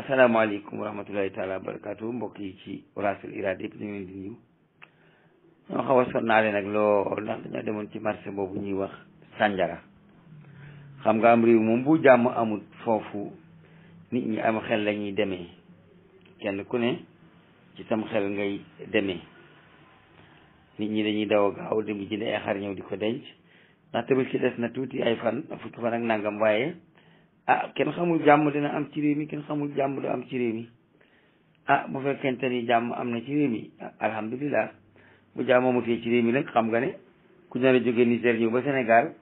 asalaamaaleykum wa rahmatullahi taala barakaatu mbokk yi ci Uras-Al Irada yëpp ñu ngi di nuyu ñoo xaw a sonnaale nag lool ndax dañoo demoon ci marché boobu ñuy wax sànjara xam nga am réew moom bu jàmm amul foofu nit ñi am xel la ñuy demee kenn ku ne ci sam xel ngay demee nit ñi dañuy daw a gaaw dem jënd ay xar ñëw di ko denc ndax tamit ci des na tuuti ay fan fukki fan ak nangam waaye ah kenn xamul jàmm dina am ci réew mi kenn xamul jàmm du am ci réew mi ah bu fekkente ni jàmm am na ci réew mi ah, alhamdulilah bu jàmm amutee ci réew mi nag xam nga ne ku nar a jógee Niger ñëw ba Sénégal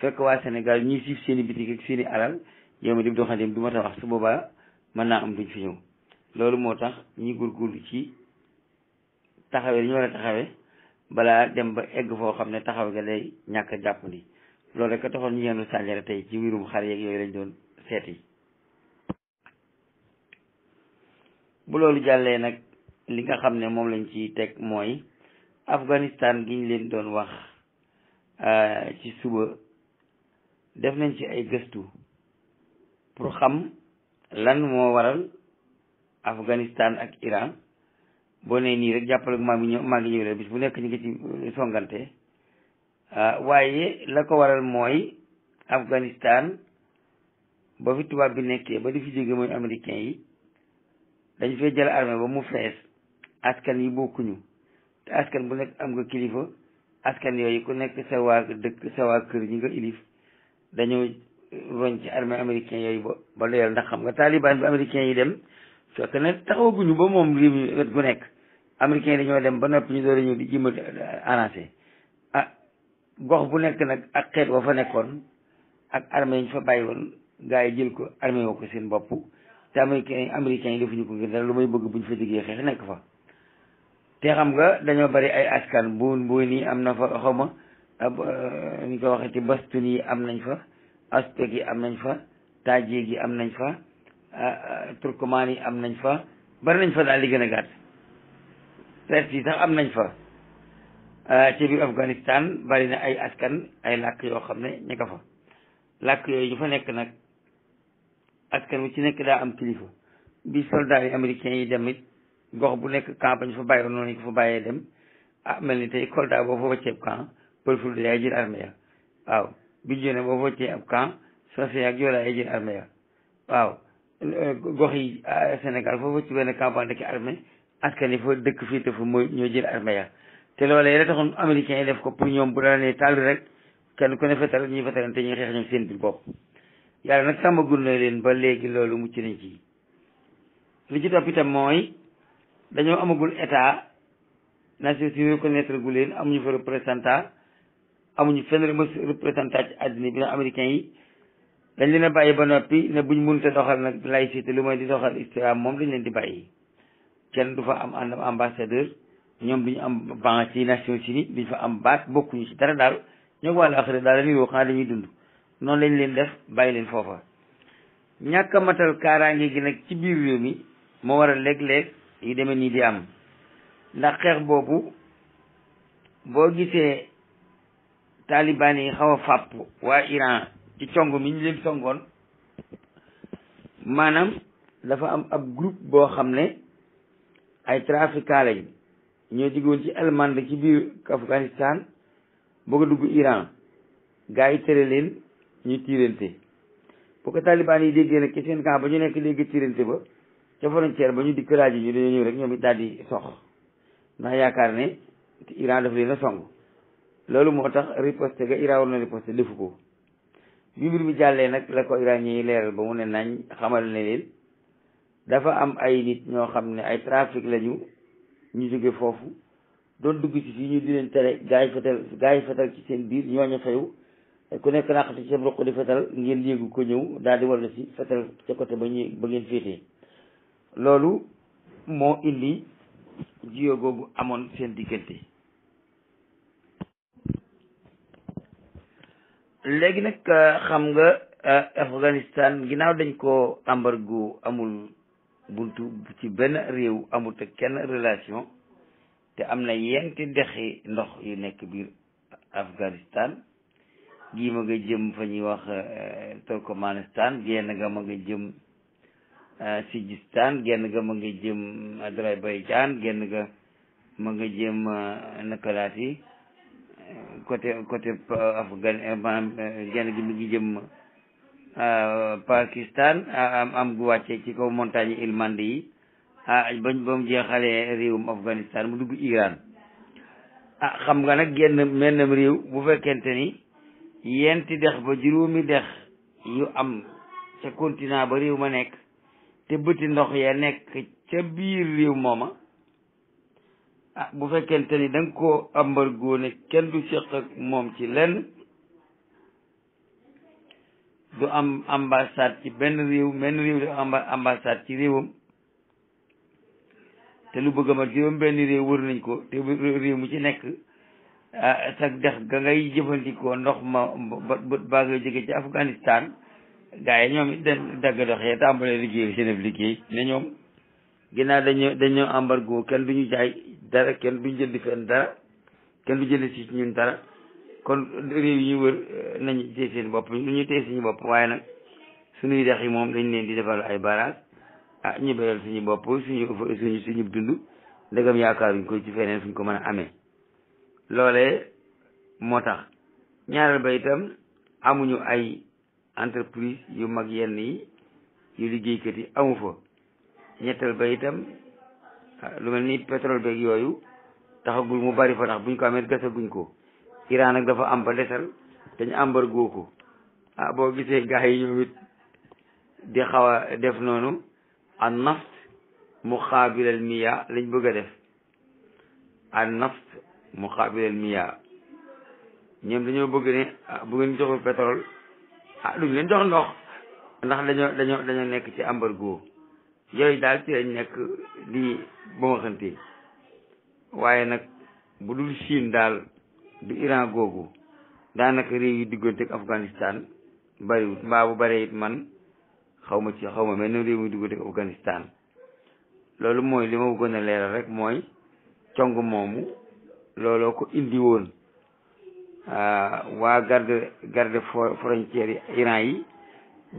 fekk waa Sénégal ñuy siif seen biti bitik ak alal yow mi di doxan du ma ta wax su boobaa mën naa am duñ fi ñëw loolu moo tax ñi góorgóorlu ci taxawee li ñu war a taxawee balaa dem ba egg foo xam ne taxaw nga day ñàkk jàpp nii loolu rek a taxoon ñu yendu sànjara tey ci wirum xar yeeg yooyu lañ doon seet yi bu loolu jàllee nag li nga xam ne moom lañ ci teg mooy Afghanistan giñ leen doon wax euh, ci suba def nañ ci ay gëstu pour xam lan moo waral Afghanistan ak Iran boo nee nii rek jàppale maa ngi ñëw maa ngi ñëw bis bu nekk ñu ngi ci songante euh, waaye la ko waral mooy Afghanistan ba fi tubaab bi nekkee ba di fi jóge mooy américain yi dañ fee jël armée ba mu fees askan yi bokkuñu te askan bu nekk am nga kilifa askan yooyu ku nekk sewaa waa dëkk sa kër ñi nga ilif dañoo roñ ci armée américain yooyu ba ba doyal ndax xam nga taliban bi américain yi dem soo ko ne taxawaguñu ba moom réew mi wet gu nekk américain yi dañoo dem ba noppi ñu doon ñëw di jéem a annoncé ah gox bu nekk nag ak xeet wa fa nekkoon ak armée yi ñu fa bàyyi woon gars yi jël ko armé woo ko seen bopp te américain américain yi defuñu ko ngir dara lu may bëgg buñ fa jógee xeex nekk fa te xam nga dañoo bari ay askan buun buun yi am na fa xawma ñu euh, ko waxee ci bastun yi am nañ fa aspek yi am nañ fa tajik yi am nañ fa euh, euh, turkumaan yi am nañ fa bari nañ fa daal di gën a gàtt perse yi sax am nañ fa ci biir Afghanistan bari na ay askan ay làkk yoo xam ne ña fa làkk yooyu ñu fa nekk nag askan wi ci nekk daa am kilifa bi soldats yi américains yi dem it gox bu nekk camp bañ fa bàyyoon noonu ñu fa bàyyee dem ah mel ni tey Kolda boo fa wàccee ab camp pël Fuuta yaay jël ak Joola yaay jël armée ya waaw eh, gox yi ah, Sénégal foo wàcc benn camp fa dëkk fii te fa mooy ñoo jël armée ya te loolee def ko pour ñoom bu daan ne xeex ñoom seen biir bopp yàlla nag sàmmagul na leen ba léegi loolu mucc nañ kii li ci topp itam mooy dañoo amagul état nations unies reconnaître gu leen amuñu fa représentant amuñu fenn représentant ci àddina bi na américain yi dañ leen a bàyyi ba noppi ne buñ mënut a doxal nag laïcité lu mooy di doxal islam moom dañ leen di bàyyi kenn du fa am àndam ambassadeur ñoom duñu am ban ci nations unies duñu fa am baat bokkuñu ci dara daal ñoo ko wàllu axira daal la ñuy dañuy dund noonu lañ leen def bàyyi leen foofa ñàkk a matal kaaraange gi nag ci biir réew mi moo war a léeg-léeg yu demee nii di am ndax xeex boobu boo gisee taliban yi xaw a fàpp waa Iran ci cong mi ñu leen songoon maanaam dafa am ab groupe boo xam ne ay trafiquants lañ ñoo diggoon ci almande ci biir Afghanistan boo ko dugg Iran gars yi tere leen ñuy tiirante bu ko taliban yi déggee nag ci seen camp ba ñu nekk léegi tiirante ba ca frontière ba ñu dikk laa yi ñu dañoo ñëw rek ñoom it daal di sox ndax yaakaar ne Iran daf leen a song loolu moo tax riposte ga Iran war na riposte defu ko bi mbir mi jàllee nag la ko Iran ñuy leeral ba mu ne nañ xamal ne leen dafa am ay nit ñoo xam ne ay trafic lañu ñu jóge foofu doon dugg ci fii ñu di leen tere gaay fetal gaay fetal ci seen biir ñooñu fayu ku nekk naqati ci roq di yéegu ko ñëw daal di wàllu si fetal ca côté loolu moo indi jiyoo amoon seen diggante léegi nag euh, xam nga euh, Afghanistan ginnaaw dañ ko embargo amul buntu ci benn réew amul te kenn relation te am na yenti dexi ndox yu nekk biir Afghanistan gii ma nga jëm fa ñuy wax euh, Turkmanistan genn ga ma nga jëm euh, Sijistan genn ga ma nga jëm Azerbaïdjan genn ga ma nga jëm euh, nakalaat yi côté côté Afghan maanaam genn gi mi ngi jëm Pakistan am am gu wàcce ci kaw montagne yi Ilmande yi ah ba mu jeexalee réewum Afghanistan mu dugg Iran ah xam nga nag genn mennam réew bu fekkente ni yenti dex ba juróomi dex yu am ca continent ba réew ma nekk te bëti ndox ya nekk ca biir réew mooma ah bu fekkente ni danga nga koo ambar góone kenn du séq ak moom ci lenn du am ambassade ci benn réew benn réew du am ambassade ci réewam te lu bëgg a mat juróom benn réew wër nañ ko te réew mu ci nekk sa ah, dex ga ngay jëfandikoo ndox ma ba ngay jóge ci Afghanistan gars yi ñoom it dagg doxee tàmbalee liggéey seen ab liggéey ne ñoom ginnaaw dañu dañoo embargo kenn du ñu jaay dara kenn du ñu jënd fenn dara kenn du jënd si ñun dara kon réew yi ñu wër eh, nañu téye seen bopp lu ñu téye suñu bopp waaye nag suñuy dex yi moom dañ leen di defal ay barrage ah ñu beral suñu bopp suñu suñu suñu dund ndegam yaakaaruñ ko ci feneen fuñ ko mën a amee loole moo tax ñaareel ba itam amuñu ay entreprise yu mag yenn yi yu liggéeykat yi amu fa ñetteel ba itam ah, lu mel ni pétrole beeg yooyu taxagul mu bari fa ndax buñ ko amee gasaguñ ko Iran nag dafa am ba desal dañu embargo ko ah boo gisee gars yi ñoom it di xaw a def noonu an naft muqaabil al miya lañ bëgg a def an naft mu xaabileel miyaa ñoom dañoo bëgg ne ah, bu ngeen joxul pétrole ah duñ leen jox ndox ndax dañoo dañoo dañoo nekk ci ambargo yooyu daal ci lañ nekk di ba waaye nag bu dul Chine daal du Iran googu daanaka réew yi diggante ak Afghanistan bariwut mbaa bu bari it man xaw ma ci xaw ma mel ne réew yi diggante Afghanistan loolu mooy li ma bëggoon a leeral rek mooy cong moomu looloo ko indi woon ah, waa garde garde frontière yi Iran yi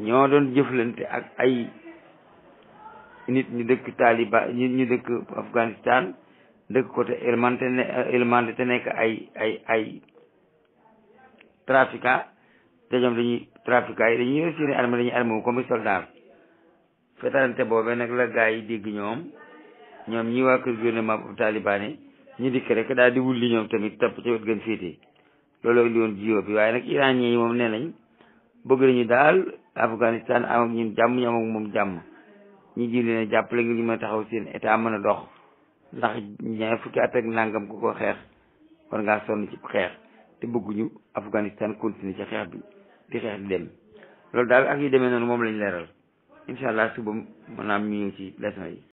ñoo doon jëflante ak ay nit ñu dëkk Taliban nit ñu dëkk Afghanistan dëkk côté Helmand Helmand te nekk ay ay ay trafiquants te ñoom dañuy trafiquants yi dañuy seen armée dañuy armé wu comme soldat fetalante boobee nag la gaa yi dégg ñoom ñoom ñi waa kër gouvernement bu Taliban yi ñu dikk rek daal diwul li ñoom tamit topp ci wet gën féetee loolu indi woon jiw bi waaye nag iranien yi moom nee nañ bëgg nañu daal Afghanistan am ak ñun jàmm ñu am ak moom jàmm ñu ji leen jàppale ngir ñu mën a taxaw seen état mën a dox ndax ñaar fukki at ak nangam ku ko xeex war ngaa sonn ci xeex te bëgguñu Afghanistan continuer ci xeex bi di xeex di dem loolu daal ak yu demee noonu moom lañ leeral incha allah suba maanaam ñu ñëw ci leçon yi.